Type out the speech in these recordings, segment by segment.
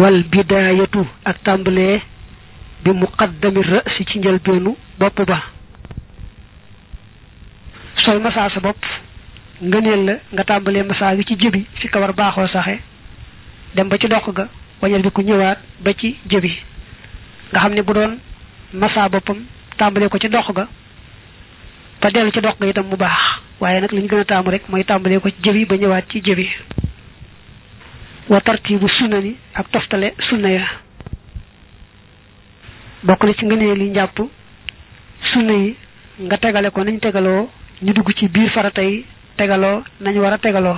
wal bidaayatu ak tàmbalee bi muqaddami rasi ci njëlbeenu bopp ba sooy masaa sa bopp ngëneel la nga tàmbalee masaa gi ci jëbi fi kawar baaxoo saxe dem ba ci dox ga wañal bi ku ñëwaat ba ci jëbi nga xam ne bu doon masaa boppam tàmbalee ko ci dox ga ba dellu ci dox ga itam bu baax waaye nag li gën a taamu rek mooy tàmbalee ko ci jëbi ba ñëwaat ci jëbi wa tartibu sunani ak toftale sunna ya bokk na ci ngënee li njàpp sunna yi nga tegale ko nañ tegale ñu dugg ci biir farata yi tegaloo nañ war a tegaloo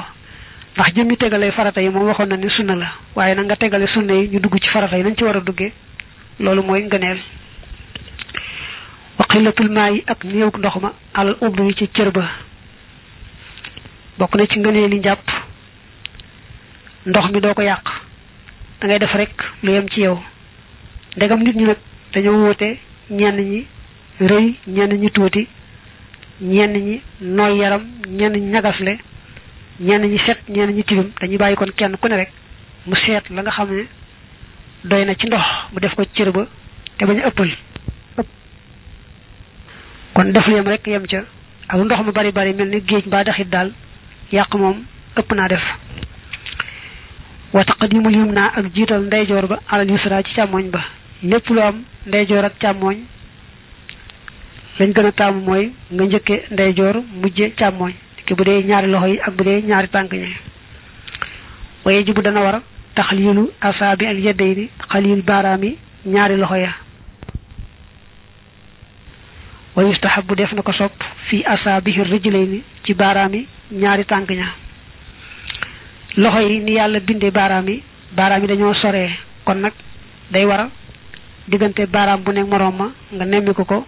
jëm jëmmi tegalee farata yi moom waxoon na ni sunna la waaye nag nga tegale sunna yi ñu dugg ci farata yi nañ ci war a duggee loolu mooy ngëneel waxilatul maa yi ak néewuk ndox ma alal ubbi yi ci cër ba bokk na ci ngënee li njàpp ndox mi doo ko yàq dangay def rekk lu yem ci yow ndegam nit ñi nag dañoo wóote ñenn ñi rëy ñenn ñi tuuti ñenn ñi nooy yaram ñenn ñi ñagasle ñenn ñi set ñenn ñi tilim dañuy bàyyi kon kenn ku ne rek mu seet la nga xam ne doy na ci ndox mu def ko cër ba te bañ a ëppal kon def lu yem rek yem ca ak ndox mu bari bari mel ni géej mbaa daxit daal yàq moom ëpp naa def wa taqdimul naa ak jiital ndeyjoor ba alal yusra ci càmmoñ ba lépp lu am ndeyjoor ak càmmoñ lañ gën a taamu mooy nga njëkke ndeyjoor mujje càmmoñ ki bu dee ñaari loxo yi ak bu dee ñaari tànk ñi waaye bu dana war taxaliilu asaabi al yadayni xaliil baaraam yi ñaari loxo ya wa bu def na ko sopp fii asaabihi rijlayni ci baaraam yi ñaari tànk ña loxo yi ni yàlla bindee baaraam yi baaraam yi dañoo soree kon nag day war a diggante baaraam bu nekk moroom ma nga nemmiku ko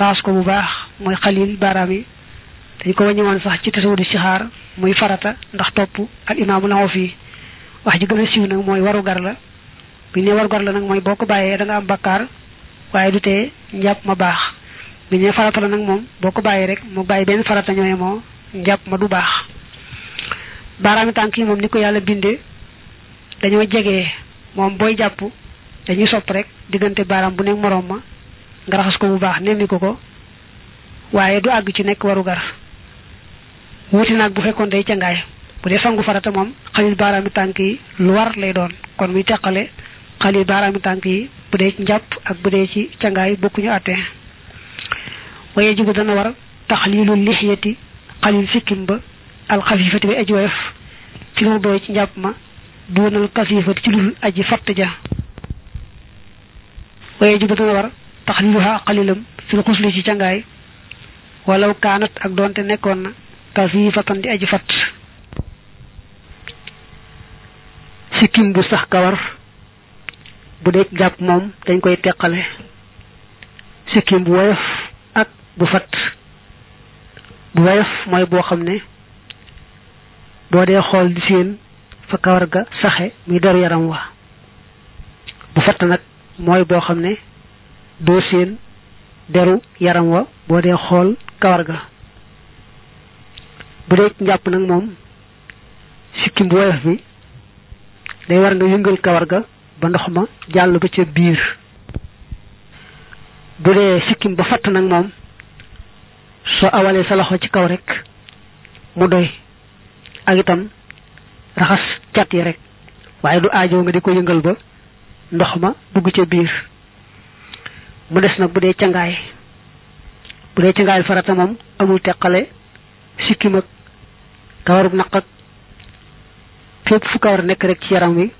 raas ko bu baax mooy xalil baaraam yi dañ ko wàññiwoon sax ci tasawudu sixaar muy farata ndax topp ak imaamu la fii wax ji gën a nag mooy waru gar la bu ñu nee waru la nag mooy boo ko bàyyee da nga bakkaar waaye du te njàpp ma baax bu ñu farata la nag moom boo ko bàyyee rek mu bàyyi benn farata ñooye moo njàpp ma du baax baaraami tànk yi moom ni ko yàlla bindee dañoo jege moom booy jàppu dañuy sopp rek diggante baaraam bu nekk moroom ma nga raxas ko bu baax nemmi ko ko waaye du àgg ci nekk warugar wuti naag bu fekkoon day cangaay bu dee sangu farata moom xalil baaraami tànk yi lu war lay doon kon muy teqale xalil baaraami tànk yi bu dee ci njàpp ak bu dee ci cangaay bokkuñu àtte waye jigu dana war tax taxliilul lixyati xalil sikkim ba alxafifati bi aji woyof fi ma boy ci njàpp ma doonal kasifati ci ludul aji fatt ja waaye ji ba dana war tax liluha xalilam fil xusli ci cangaay walaw kaanat ak doonte nekkoon na kasifatan di aji fatt sikkim bu sax kawar bu dee jàpp moom dañ koy teqale sikkim bu woyof ak bu fatt bu woyof mooy boo xam ne boo dee xool di séen fa kawar ga saxe muy deru yaram wa bu fatt nag mooy boo xam ne doo séen deru yaram wa boo dee xool kawar ga bu dee njàpp nag moom sikkim bu woyof bi day war nga yëngal kawar ga ba ndox ma jàll ba ca biir bu dee sikkim ba fatt nag moom soo awalee sa loxo ci kaw rek mu doy ak itam raxas cat yi rek waaye du aajo nga di ko yëngal ba ndox ma dugg ca biir mu des nag bu dee cangaay bu dee cangaay farata amul teqale sikkim ak kawarub naq ak fépp fu kawar nekk rek ci yaram wi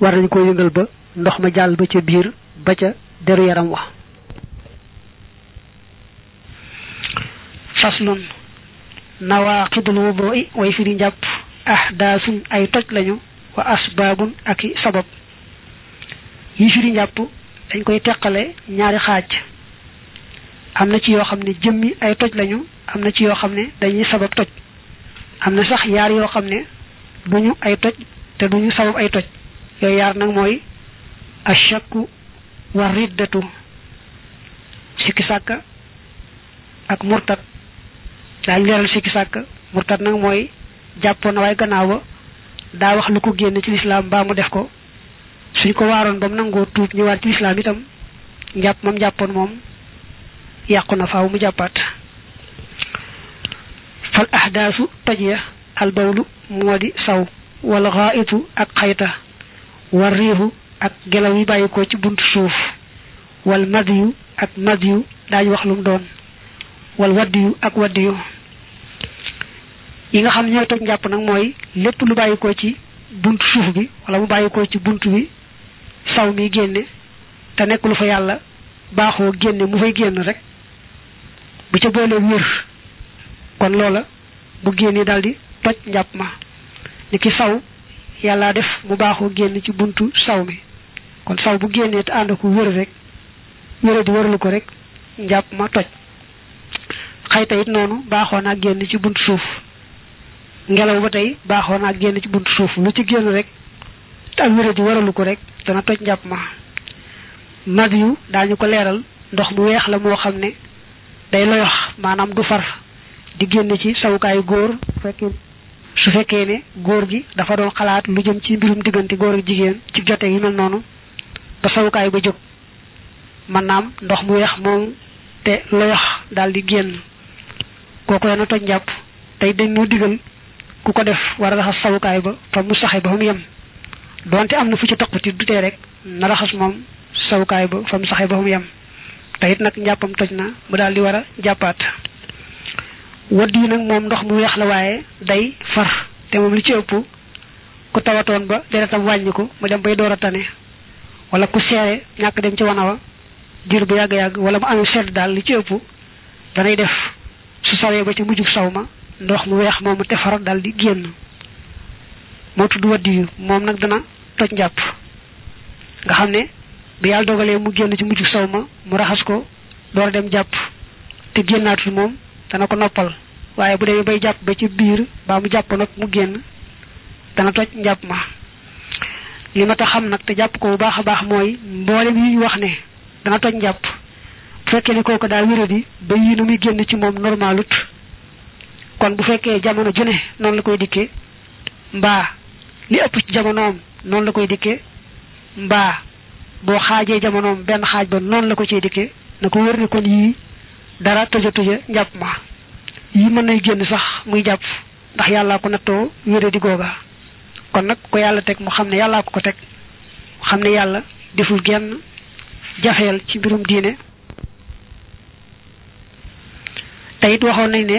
war nañu ko yëngal ba ndox ma jàll ba ca biir ba ca deru yaram wa faslun nawaqidul wudoi way firi njàpp ahdaasun ay toj lañu wa asbaabun ak i sabab yi firi njàpp dañ koy teqale ñaari xaaj am na ci yoo xam ne jëmmi ay toj lañu am na ci yoo xam ne dañuy sabab toj am na sax yaar yoo xam ne duñu ay toj te duñu sabab ay toj yooyu yaar nag mooy ashakku wa riddatu sikki sàkka ak murtat daañu leeral sikki sàkk murtad nag mooy jàppoon na waaye gannaaw ba daa wax lu ko génn ci lislaam mbaa mu def ko suñ ko waaroon ba mu nangoo tuub ñëwaat ci lislaam itam njàpp moom jàppoon moom yàqu na faaw mu jàppaat fal ahdaasu toj ya albawlu moo di saw wala xaitu ak xayta war riixu ak gelaw yi bàyyi ko ci buntu suuf wal madiyu ak madiyu daañu wax lum doon wal waddiyu ak waddiyu yi nga xam ne ñooy toj njàpp nag mooy lépp lu bàyyikoo ci bunt suuf bi wala mu bàyyikoo ci bunt bi saw mi génne te nekk lu fa yàlla baaxoo génne mu fay génn rek bu ca boole wér kon loola bu génnee daal di toj njàpp ma ni ki saw yàlla def mu baaxoo génn ci buntu saw mi kon saw bu génnee te ànd ko wér rek wéra di waralu ko rek njàpp ma toj xayta it noonu baaxoo naa génn ci buntu suuf ngelaw ba tey baaxoo ak génn ci buntu suuf lu ci génn rek te am wéra waralu ko rek dana toj njàpp ma mag yu daañu ko leeral ndox mu weex la moo xam ne day loyox maanaam du far di génn ci sawukaayu góor su fekkee ne góor gi dafa doon xalaat lu jëm ci mbirum diggante góor ak jigéen ci jote gi mel noonu ba sawukaay ba jóg mën ndox mu weex moom te loyox daal di génn kooku a toj njàpp tey dañ noo digal ku ko def war a raxas sawukaay ba fa mu saxee ba mu yem donte am na fu ci toq ci dutee rek na raxas moom sawukaay ba fa mu saxe ba mu yem te it nag njàppam toj na mu daal di war a jàppaat wadd yi nag moom ndox mu weex la waaye day far te moom li ci ëpp ku tawatoon ba deretam wàññi ko mu dem bay door a tane wala ku seere ñàkk dem ci wana wa jur bu yàgg-yàgg wala mu amee sedd daal li ci ëpp danay def su sawee ba ca mujjub saw ma ndox mu weex moomu tefar dal di génn moo tudd waddi yu moom nag dana toj njàpp nga xam ne bi yàlla dogalee mu génn ci mujjub saw ma mu raxas ko door dem jàpp te génnaatul moom dana ko noppal waaye bu demee bay jàpp ba ci biir baa mu jàpp nag mu génn dana toj njàpp ma li ma ta xam nag te jàpp ko bu baax a baax mooy mboolem yi ñu wax ne dana toj njàpp fekkee ne kooku daa wéradi ba yii nu muy génn ci moom normalut kon bu fekkee jamono ju ne noonu la koy dikkee mbaa li ëpp ci jamonoom noonu la koy dikkee mbaa boo xaajee jamonoom benn xaaj ba noonu la ko cee dikkee na ko wér ne kon yii dara tëja tëja njàpp ma yii mën nay génn sax muy jàpp ndax yàllaa ko nattoo wéradi googa kon nag ko yàlla teg mu xam ne yàllaa ko ko teg mu xam ne yàlla deful genn jafeel ci mbirum diine te it waxoon nañ ne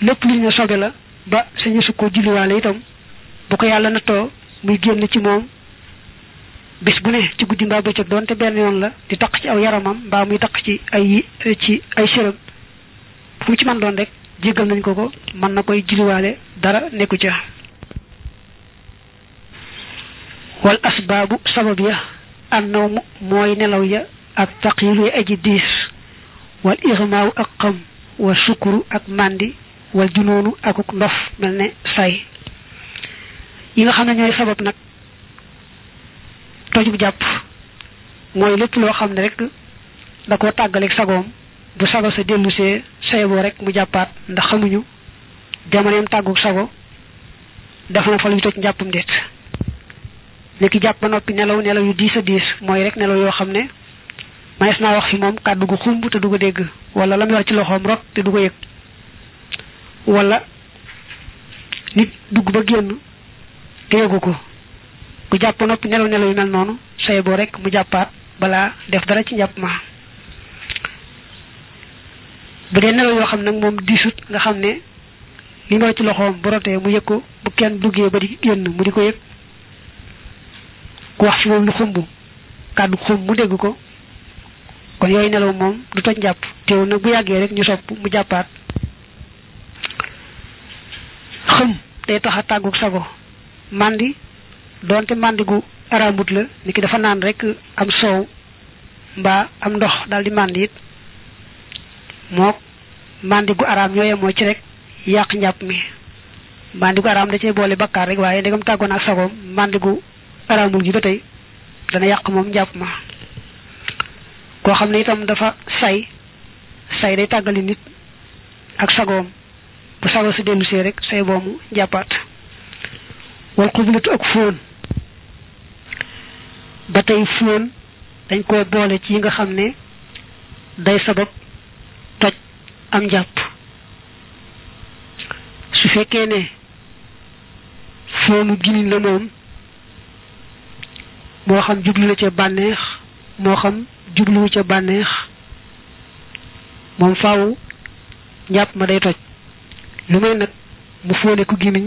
lépp li ñu ne la ba sañu su ko julliwaale itam bu ko yàlla nattoo muy génn ci moom bis bu ne ci guddi mbaa bëccëg doonte benn yoon la di taq ci aw yaramam mbaa muy taq ci ay ci ay séram fu ci man doon rek jéggal nañ ko ko mën na koy julliwaale dara nekku ca wal asbaabu sabab ya annawmu mooy nelaw ya ak taqiir ya aji diis wal ixmaaw ak xam wa sukuru ak màndi wal junoonu akuk ndof mel ne say yi nga xam ne ñooy sabab nag tojub jàpp mooy lépp loo xam ne rek da koo tàggaleeg sagoom bu sago sa dellusee sayeboo rek mu jàppaat ndax xamuñu jamoneem tàgguk sago dafa na fa luy toj njàppam déet léegi jàpp ba noppi nelaw nelaw yu diis a diis mooy rek nelaw yoo xam ne manees naa wax fi moom kàddu gu xumb te du ko dégg wala lam yor ci loxoom rot te du ko yëg wala nit dugg ba génn te ko ku jàpp noppi nelaw nelaw yu mel noonu say boo rek mu jàppaat balaa def dara ci njàpp ma bu dee nelaw yoo xam nag moom diisut nga xam ne li yor ci loxoom bu rotee mu yëg ko bu kenn duggee ba di génn mu di ko yëg ku wax fi moom lu xumb kàddu xumb mu dégg ko kon yooyu nelaw moom du toj njàpp teew nag bu yàggee rek ñu sopp mu jàppaat xëm day tax a tàggu sago màndi doonte màndi gu araamut la ni ki dafa naan rek am soow ba am ndox daal di màndi mook màndi gu araam ñoo moo ci rek yàq njàpp mi màndi gu araam da cee boole bakkaar rek waaye ndegam tàggoon ak sagoom màndi gu araamul gi ba tey dana yàq moom njàpp ma koo xam ne itam dafa say say day tàggali nit ak sagoom ba sago si dellusee rek say boomu jàppaat wal xublatu ak fóon ba tey fóon dañ koo boole ci yi nga xam ne day sabab toj am jàpp su fekkee ne fóonu gilin la moom moo xam jublu na ca bànneex moo xam jubluwu ca bànneex moom faaw njàpp ma day toj lu may nag mu fóone ku gémmiñ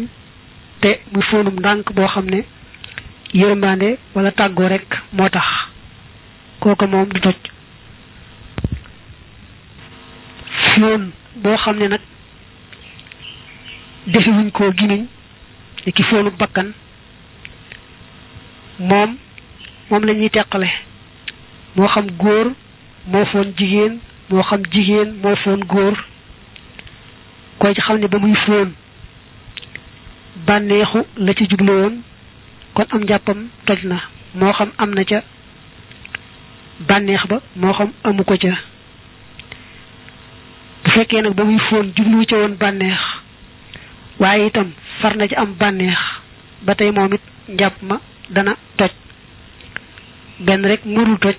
te mu fóonum ndànk boo xam ne yërmande walla tàggoo rek moo tax kooko moom du toj fóon boo xam ne nag defewuñ koo gimiñ ni ki fóonu bakkan moom moom la ñuy teqale moo xam góor moo foon jigéen moo xam jigéen moo foon góor koy ci xam ne ba muy foon bànneexu la ca juble woon kon am njàppam toj na moo xam am na ca bànneex ba moo xam amu ko ca bu fekkee nag ba muy foon jublu ca woon bànneex waaye itam far na ci am bànneex ba tey moom it njàpp ma dana toj benn rek mënul toj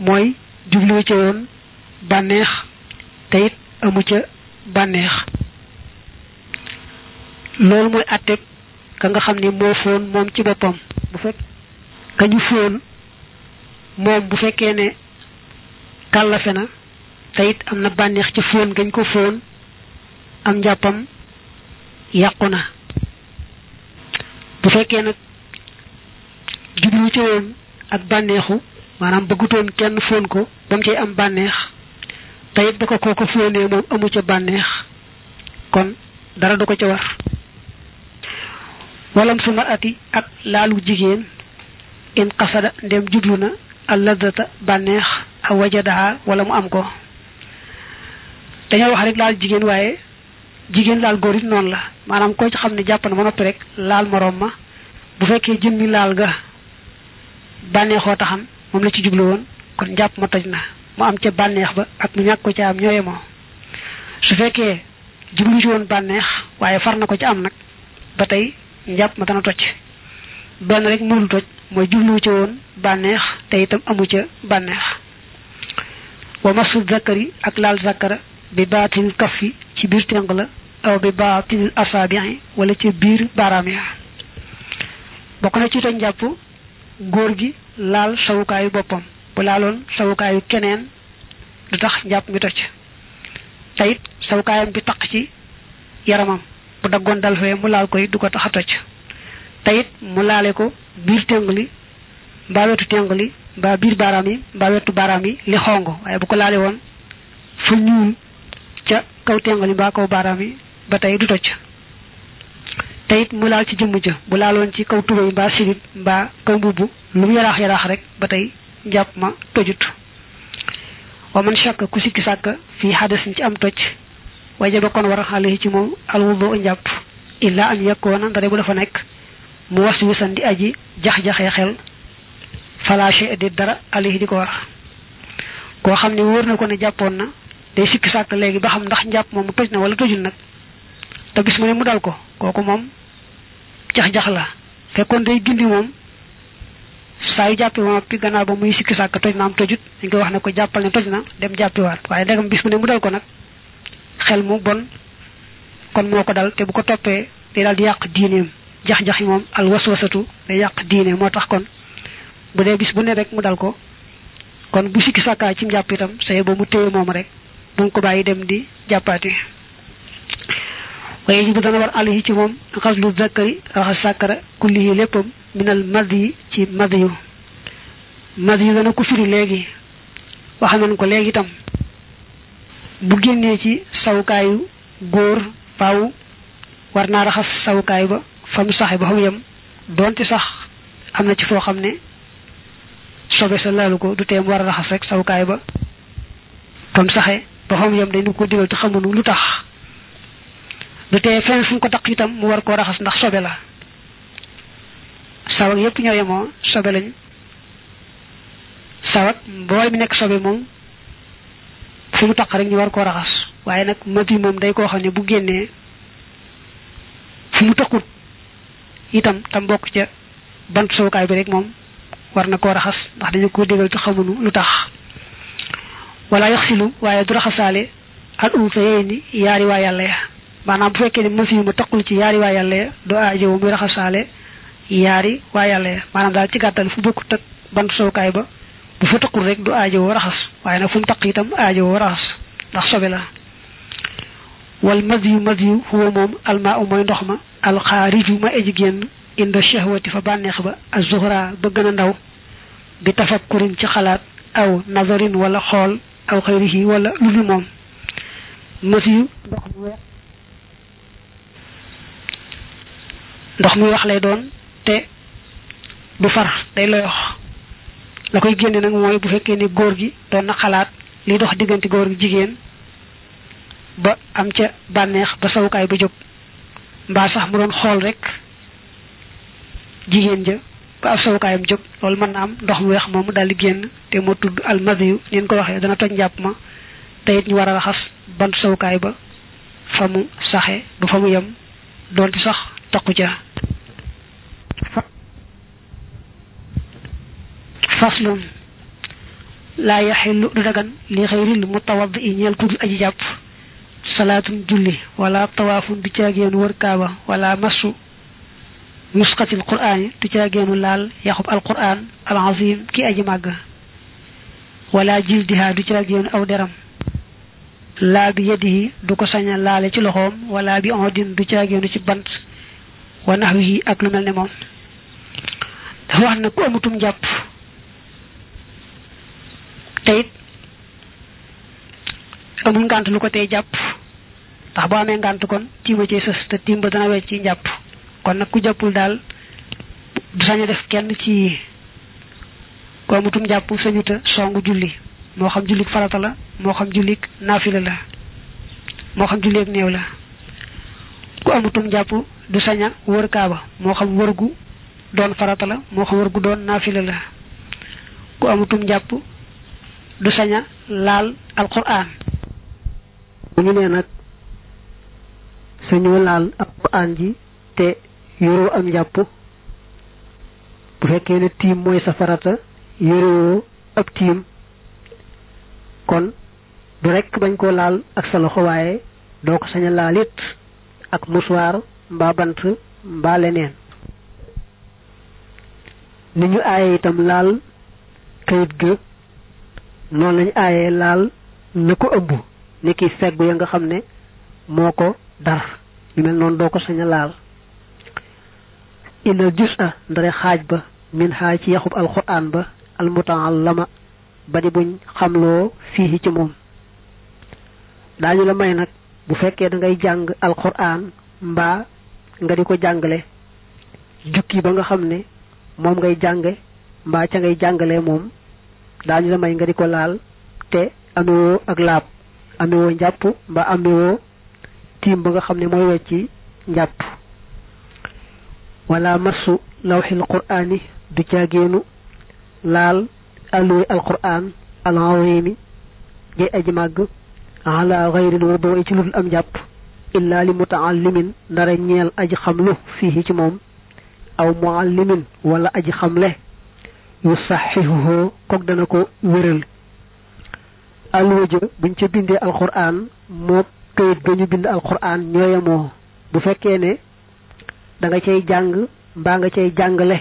mooy jubluwu ca yoon bànneex te amu ca bànneex loolu mooy àtteeg ka nga xam ni moo fóon moom ci boppam bu fekk ka ñu fóon moom bu fekkee ne kàllafe na te it am na bànneex ca fóon gañ ko fóon am njàppam yàqu na bu fekkee na jubluwu ca yoon ak bànneexu maanaam bëggutoon kenn fóon ko ba cay am bànneex te it ba ko kooko fóonee moom amu ca bànneex kon dara du ko ca war walam su ati ak laalu jigéen in xasada ndem jublu na alladata bànneex a wajadaha wala mu am ko dañoo wax rek laal jigéen waaye jigéen laal góor it noonu la maanaam koo ca xam ne jàpp na ba noppi rek laal moroom ma bu fekkee jëmmi laal ga bànneexoo taxam moom la ci jublu kon njàpp ma toj na mu am ca bànneex ba ak mu ñàkk ko ca am ñooyemoo su fekkee jublu ci bànneex waaye far na ko ca am nag ba tey njàpp ma dana toj benn rek mënul toj mooy jublu ci woon bànneex te itam ca bànneex wa masu zakari ak laal zakara bi baatinil kaf fi ci biir teng la aw bi baatinil asaabi wala ci biir baaraam ya bokk na ci toj njàpp góor gi laal sawukaayu boppam bu laaloon sawukaayu keneen du tax njàpp mi toj tayit sawukaayam bi taq ci yaramam bu daggoon dal fee mu laal koy du ko tax a toj tayit mu laale ko biir téngli mbaa wetu téngli mbaa biir baaraam yi mbaa wetu baaraam yi li xong waaye bu ko laalee woon fu ñuul ca kaw téngli mbaa kaw baaraam yi ba tey du toj te it mu laal ci jëmm ja bu laaloon ci kaw tubéy mbaa sirit mbaa kaw mbubb lu mu yaraax yaraax rek ba tey njàpp ma tojut wa man shakka ku sikki sàkka fii xadasin ci am toj wajaba kon war xale ci moom alwudu njàpp illaa an yakkoona ndare bu dafa nekk mu was wisan di aji jax-jaxee xel falaché di dara alayhi di ko war koo xam ne wóor na ko ne jàppoon na day sikki sàkk léegi ba xam ndax njàpp moom mu toj na wala tojul nag te bis mu ne mu dal ko kooku moom jax-jax la fekkoon day gindi moom saa yu jàppi ba noppi gannaaw ba muy sikki sàkk toj na am tojut dañ koy wax ne ko jàppal ne toj na dem jàppiwaat waaye ndegam bis mu ne mu dal ko nag xel mu bon kon moo ko dal te bu ko toppee day dal di yàq diineem jax-jax yi moom al waswasatu day yàq diine moo tax kon bu dee bis bu ne rek mu dal ko kon bu sikki sàkkaa ci njàpp itam saye ba mu téye moom rek bu nga ko bàyyi dem di jàppaati fa yajibu dana war alayhi ci moom xaslu zakari raxas sàkkara kullihi léppam minal mad yi ci mad yu mad yu dana ko firi léegi wax nañ ko léegi tam bu génnee ci sawukaayu góor faaw war naa raxas sawukaay ba fam saxe ba fa mu doonte sax am na ci foo xam ne sobe sa laalu ko du teem war a raxas rek sawukaay ba fa mu saxe ba fa mu dañ dañu ko digal te xamuñu lu tax du te fenn fu ko takk itam mu war koo raxas ndax sobe la sawak yëpp ñoo yemoo sobe lañ sawak mbool mi nekk sobe moom fu mu taq rek ñu war koo raxas waaye nag mati moom day koo xam bu génnee fu mu taqut itam tam bokk ca bant sowukaay bi rek moom war na koo raxas ndax dañu ko dégal ci xamunu lu tax wala yaxsilu waaye du raxasaale al unsa yooyu ni yaari waa yàlla ya maanaam bu fekkee ne mafiyu mu taqul ci yaari waa yàlla ya doo aajowu muy raxasaale yaari waa yàlla ya maanaam daal ci gàttal fu bokkut ak bant sowkaay ba bu fa taqul rek du aajowoo raxas waaye nag fu mu taq itam aajowoo raxas ndax sobe la wal madiyu madiyu huwa moom almaa u mooy ndox ma alxaariju ma aji génn inda shahwati fa bànneex ba azuhra ba gën a ndaw bi tafakkurin ci xalaat aw nazarin walla xool aw xayrihi wala lu dul moom madiyu ndox muy wax lay doon te du far day loyox la koy génne nag mooy bu fekkee ni góor gi doon na xalaat liy dox diggante góor gi jigéen ba am ca bànneex ba sawukaay ba jóg mbaa sax mu doon xool rek jigéen ja ba ab sawukaayam jóg loolu mën na am ndox mu weex moomu daal di génn te moo tudd almadiyu neen ko waxee dana toj njàpp ma te ñu war a raxas bant sawukaay ba fa mu saxe du fa mu yam doonte sax takku ca faslun laa yaxillu du dagan li xayril mutawadi i ñeel kudul aji jàpp salaatun julli wala tawaafun du caagéenu wër wala massu nusxatil quraan yi du caagéenu laal yaxub alquran alazim ki aji màgg wala jildiha du caagéenu aw deram laa bi yadihi du ko sañ laale ci loxoom wala bi ondin du caagéenu ci bant wa nahwihi ak lu mel ne moom dafa wax ne amutum jàpp teit it amul ngànt lu ko tey jàpp ndax boo amee ngànt kon tiima ci sës te tiim ba dana wecc ci njàpp kon nag ku jàppul daal du sañ def kenn ci ku amutum jàpp sañuta songu julli moo xam jullik farata la moo xam jullik naafila la moo xam julleeg néew la ku amutum jàpp du saña a wër kaaba moo xam wër gu doon farata la moo xam wër gu doon naafila la ku amutum jàpp du saña a laal alquran bu ñu nee nag sañoo laal alquran ji te yoroo am jàpp bu fekkee ne tiim mooy sa farata yoroo ab tiim kon du rekk bañ koo laal ak sa loxo doo ko sañ laal it ak muswaar mbaa bant mbaa leneen ni ñu aaye itam laal kayit ga noonu lañu aaye laal na ko ëmb ni ki feggu ya nga xam ne moo ko dar yu mel noonu doo ko sañ laal inal jus a ndare xaaj ba min xaaj ci yaxub alquran ba almutaallama ba di buñ xamloo fii ci moom ñu la may nag bu fekkee da ngay jàng alquran mbaa nga di ko jàngale jukki ba nga xam ne moom ngay jànge mbaa ca ngay jàngale moom daañu la may nga di ko laal te amewoo ak laab amewoo njàpp mbaa amewoo tiim ba nga xam ne mooy wecci njàpp wala masu lawxil quraani du caagéenu laal alluwe alquraan alawreeni jay aji màgg ala xayril wudu ci ludul am njàpp illa li mutaallimin ndara ñeel aji xamlu fii ci moom aw muallimin wala aji xamle yu saxihuhu kook dana ko wéral alwaja buñ ca bindee alquran moo këyit ga ñu bind alquran ñooyamoo bu fekkee ne danga nga cay jàng mbaa nga cay jàngale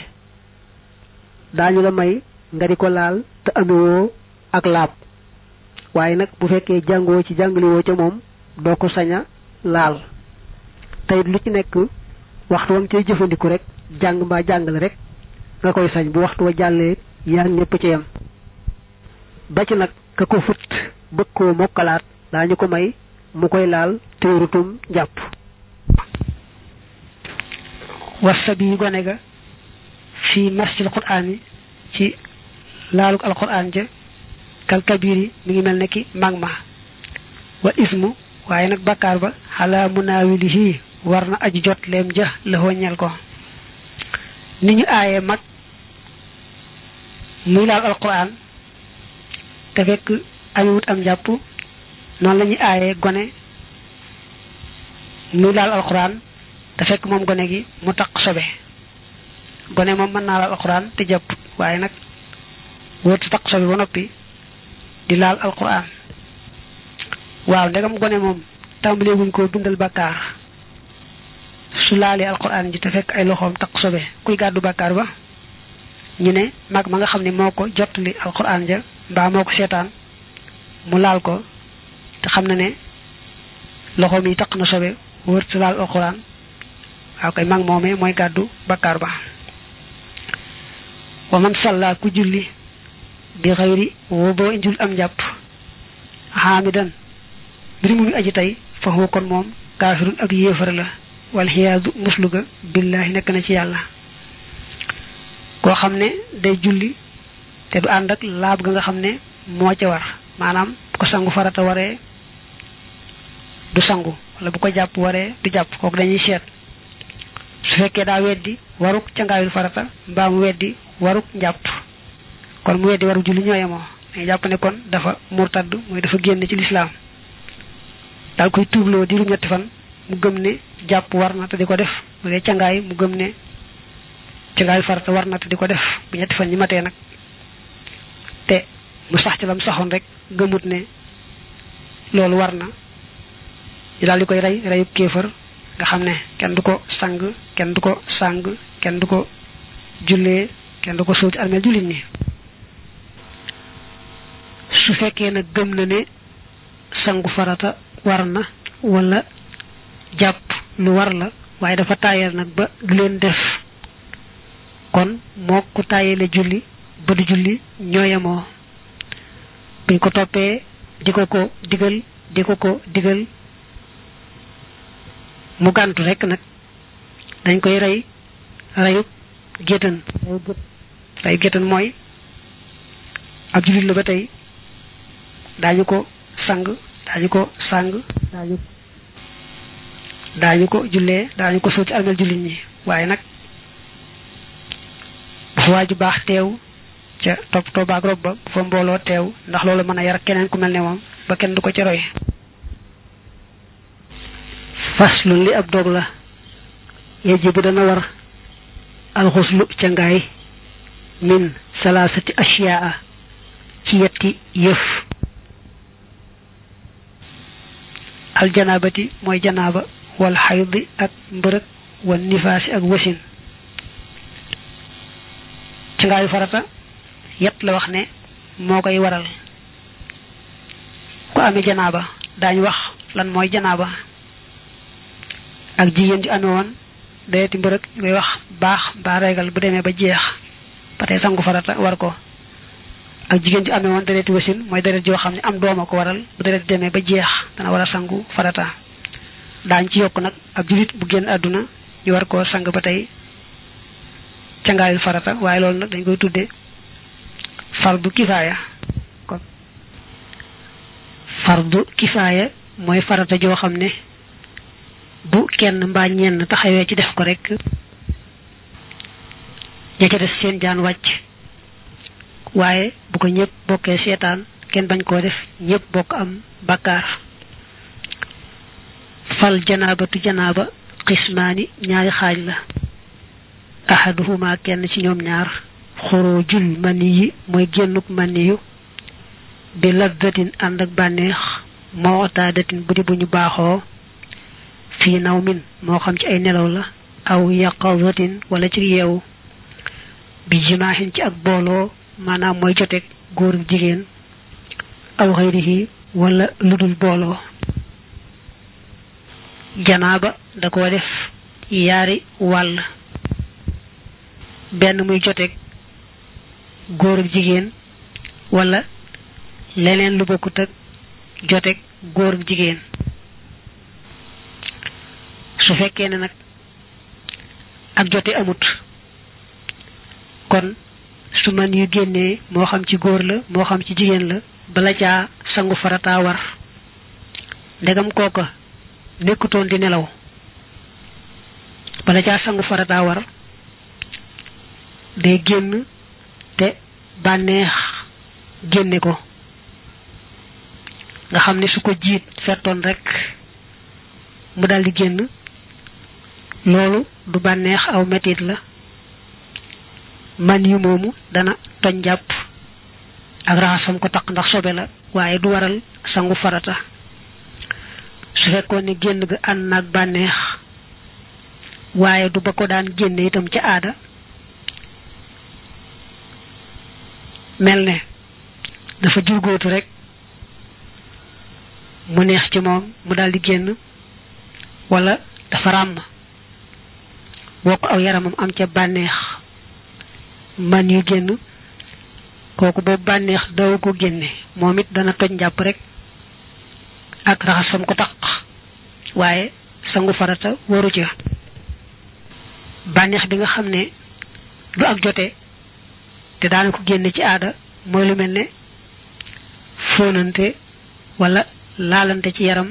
daañu la may nga di ko laal te amewoo ak laab waaye nag bu fekkee jàngoo ci jàngale woo ca moom doo ko saña laal tey lu ci nekk waxtu wam cay jëfandiku rek jàng mbaa jàngale rek nga koy sañ bu waxtu wa jàllee yaa ñépp ci yam ba ci nag ka ko fut bëgg koo mokkalaat daañu ko may mu koy laal téerutum njàpp wasa bi gone ga fii marsil quraan yi ci laaluk alquran ja kalkabir yi mi ngi mel ne ki mag ma wa ismu waaye nag bakkaar ba xalaa munaawilihi war na aju jot leem ja la wàññeel ko ni ñu aayee mag muy laal alquran te fekk añuwut am jàpp noonu la ñuy gone muy laal alquran te fekk moom gone gi mu taq sobe gone moom mën naa laal alquran te jàpput waaye nag wóor te taq sobe ba noppi di laal alquran waaw ndegam gone moom tàmbalee wuñ koo bindal bàkkaar su laalee alxuraan ji te fekk ay loxoom takk sobe kuy gàddu bakkaar ba ñu ne mag ma nga xam ne moo ko jottali alxuraan ja mbaa moo ko seetaan mu laal ko te xam na ne loxoom yi takk na sobe wër su laal alxuraan waaw kay mag moomee mooy gàddu bàkkaar ba wa man salla ku julli bi xayri woo boo injul am njàpp xaamidan mbir mu aji tey fa huwa kon moom kaafirun ak yéefar la wal xiyaadu muslu ga billaahi nekk na ci yàlla koo xam ne day julli te du ànd ak laab ga nga xam ne moo ca war maanaam bu ko sangu farata waree du sangu wala bu ko jàpp waree du jàpp kooku dañuy seet su fekkee daa weddi waruk cangaayul farata mbaa mu weddi waruk njàpp kon mu weddi waru julli ñooyemoo dañuy jàpp ne kon dafa murtad mooy dafa génn ci lislaam daal koy tuubloo diiru ñetti fan mu gëm ne jàpp war te di ko def bu dee cangaay mu gëm ne cangaay farata war na te di ko def bu ñetti fan ñi matee nag te mu sax ci lam saxoon rek gëmut ne loolu war na ñu daal di koy rey reyu kéefër nga xam ne kenn du ko sang kenn du ko sang kenn du ko jullee kenn du ko suul ci armeel jullit ñi su fekkee nag gëm na ne sangu farata war na wala jàpp lu war la waaye dafa taayal nag ba du leen def kon moo ku taayale julli ba du julli ñooyamoo buñ ko toppee di ko ko digal di ko ko digal mu gàntu rekk nag dañ koy rey reyu géttan rey géttan mooy ab jullit la ba tey daañu ko sang daañu ko sàng daañu daañu ko jullee daañu ko sotti alal jullit ñi waaye nag bu fa waa ju baax teew ca topp toobaag rob ba bu fa mbooloo teew ndax loolu mën a yar keneen ku mel ne moom ba kenn du ko ca roy faslun li ab dog la yajibu dana war alxuslu ca ngaay min salaasati ashiyaa ci yetti yëf al aljanaabati mooy janaaba wal xaydi ak mbërëg wal nifaasi ak wasin ci ngaayu farata yet la wax ne moo koy waral ku amee janaaba daañ wax lan mooy janaaba ak jigéen ji amee woon dayeti mbërëg ñu koy wax baax mbaa regal bu demee ba jeex ba tey sangu farata war ko ak jigéen ji amee woon deret wasin mooy deret joo xam ne am dooma ko waral bu deret demee ba jeex dana war a sangu farata daañ ci yokk nag ab julit bu génn àdduna ñu war ko sang ba tey cangaayul farata waaye loolu nag dañ koy tudde fardu kifaaya kon fardu kifaaya mooy farata joo xam ne bu kenn mbaa ñenn taxawee ci def ko rek ña ca des seen jaan wàcc waaye bu ko ñëpp bokkee seetaan kenn bañ koo def ñëpp bokk am bakkaar fal janaabatu janaaba xismaani ñaari xaaj la ahaduhuma kenn ci ñoom ñaar xurujul mani yi mooy génnuk mani yu bi laddatin ànd ak bànneex mootaadatin bu di bu ñu baaxoo fii naw min moo xam ci ay nelaw la aw yaqazatin wala ci yeewu bi jimaaxin ci ak booloo maanaam mooy joteeg góor ak jigéen aw xayrihi wala ludul booloo janaaba da koo def yaari wàll benn muy joteeg góor ak jigéen wala leneen lu bokkut ak joteeg góor ak jigéen su fekkee ne nag ak jote amut kon man yi génnee moo xam ci góor la moo xam ci jigéen la bala caa sangu farataa war ndegam kooka nekkutoon di nelaw bala caa sangu farataa war day génn te bànneex génne ko nga xam ni su ko jiit fettoon rekk mu daldi génn loolu du bànneex aw metit la man yu moomu dana toñ jàpp ak raxasam ko taq ndax sobe la waaye du waral sangu farata su fekkoon ne génn ga ànd naag bànneex waaye du ba ko daan génne itam ca aada mel ne dafa jurgóotu rekk mu neex ci moom mu daal di génn wala dafa ràmm boo ko aw yaramam am ca bànneex man yu génn kooku boobu bànneex daw ko génne moom it dana toj njàpp rek ak raxasam ko tax waaye sangu farata waru ca bànneex bi nga xam ne du ak jote te daana ko génne ci aada mooy lu mel ne fóonante wala laalante ci yaram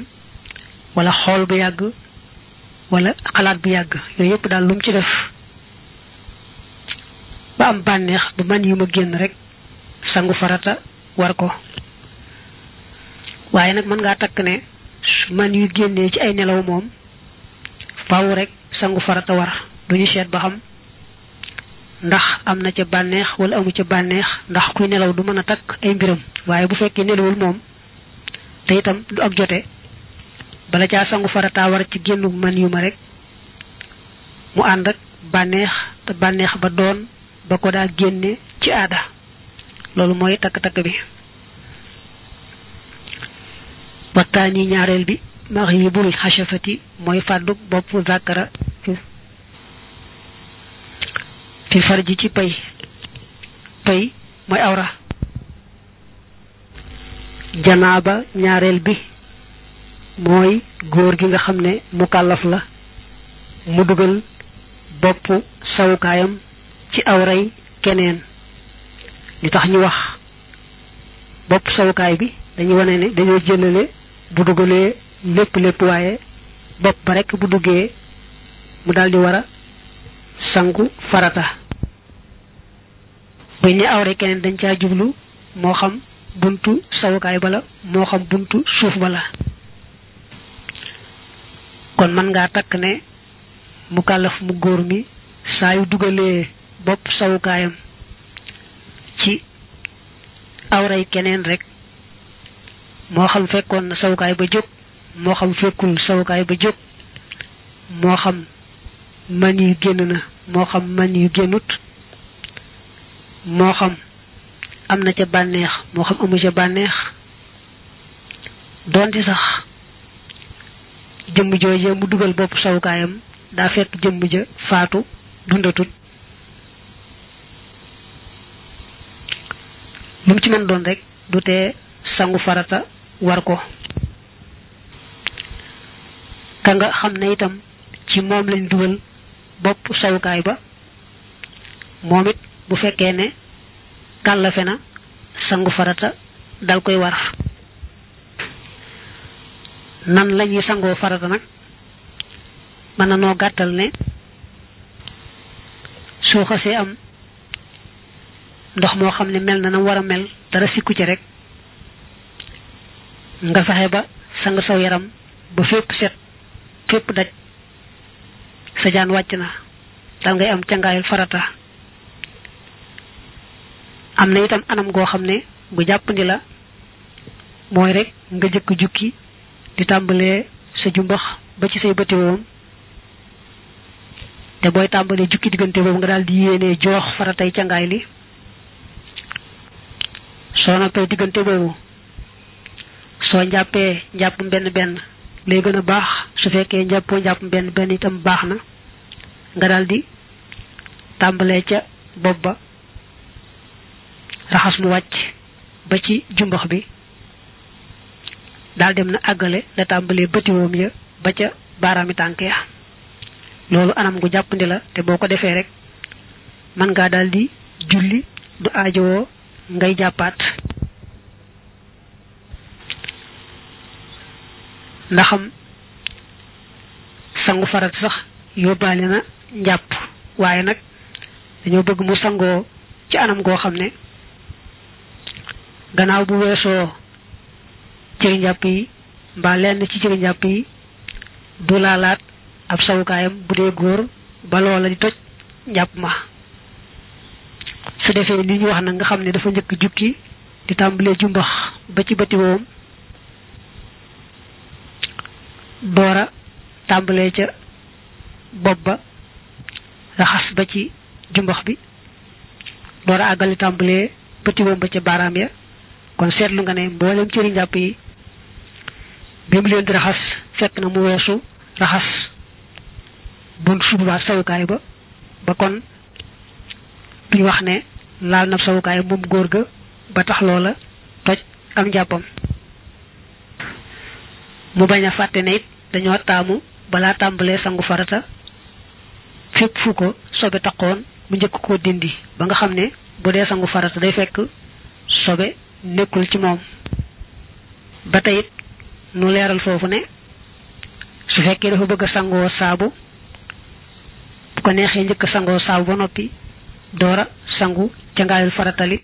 wala xool bu yàgg wala xalaat bu yàgg yooyu yëpp daal lu ci def ba am bànneex bu man yu ma génn rek sangu farata war ko waaye nag mën ngaa takk ne man yu génnee ci ay nelaw moom faaw rek sangu farata war duñu seet ba xam ndax am na ca bànneex wala amu ca bànneex ndax kuy nelaw du mën a takk ay mbiram waaye bu fekkee nelawul moom te itam du ak jote bala caa sangu farataa war ci génn man yu ma rek mu ànd bànneex te bànneex ba doon da ko daa génne ci aada loolu mooy takk-takk bi waxtaani ñaareel bi max yi bul xasafati mooy fàddu bopp zakara fi ji ci pay pay mooy awra janaaba ñaareel bi mooy góor gi nga xam ne mu kàllaf la mu dugal bopp sawukaayam ci awray keneen ñu tax ñu wax bopp sawukaay bi dañu wane ni dañoo jëlale bu dugalee lépp lépp waaye bopp ba rekk bu duggee mu daldi war a sangu farata bu ñu awray keneen dañ caa jublu moo xam buntu sawukaay bala moo xam buntu suuf bala kon mën ngaa takk ne mu kàllaf mu góor mi saa yu dugalee bopp sawukaayam ci awray keneen rek moo xam fekkoon na sawukaay ba jóg moo xam fekkul sawukaay ba jóg moo xam man yu génn na moo xam man yu génnut moo xam am na ca bànneex moo xam amu ca bànneex doonte sax jëmm jooje mu dugal bopp sawukaayam daa fekk jëmm ja faatu dundatut lu mu ci mën doon rek du tee sangu farata war ko ka nga xam na itam ci moom lañ dugal bopp sawukaay ba moom it bu fekkee ne kàllafe na sangu farata dal koy war nan lañuy sangoo farata nag mën na noo gàttal ne soo xasee am ndox moo xam ne mel na na war a mel dara sikku ci rek nga fexe ba sang saw yaram ba fépp set fépp daj sa jaan wàcc na dal ngay am cangaayal farata am na itam anam goo xam ne gu jàppandi la mooy rek nga jëkk jukki di tàmbalee sa jumbax ba ci say bëti woom te booy tàmbalee jukki diggante boobu nga daal di yéenee joox faratay cangaay li soo nag diggante boobu soo njàppee njàppum benn benn lay gën a baax su fekkee njàppoo njàppum benn benn itam baax na nga daldi tàmbalee ca bopp ba raxas mu wàcc ba ci jumbax bi daal dem na àggale la tàmbalee bëtiwoom ya ba ca baaraami tànk ya loolu anam gu jàppandi la te boo ko defee rek mën ngaa daldi di julli du aajowoo ngay jàppaat ndaxam sangu farat sax yóbbaale na njàpp waaye nag dañoo bëgg mu sangoo ci anam goo xam ne gannaaw bu weesoo cëri njàpp yi mbaa lenn ci cëri njàpp yi du laalaat ab sawukaayam bu dee góor ba loola di toj njàpp ma su defee li ñu wax nag nga xam ne dafa njëkk jukki di tàmbalee jumbax ba ci bati woom doora tàmbalee ca bopp ba raxas ba ci jumbax bi doora àggale tàmbalee bëti woom ba ca baaraam ya kon seetlu nga ne mboolem cëri njàpp yi bi mu leen di raxas fekk na mu weesu raxas bu suuba sawukaay ba ba kon duñu wax ne laal na sawukaay moom góor ga ba tax loola toj am njàppam mu bañ a fàtte na it dañoo taamu balaa tàmbalee sangu farata fépp fu ko sobe taqoon mu njëkk koo dindi ba nga xam ne bu dee sangu farata day fekk sobe nekkul ci moom ba tey it nu leeral foofu ne su fekkee dafa bëgg sangoo saabu bu ko neexee njëkk sangoo saabu ba noppi doora sangu cangaayul faratali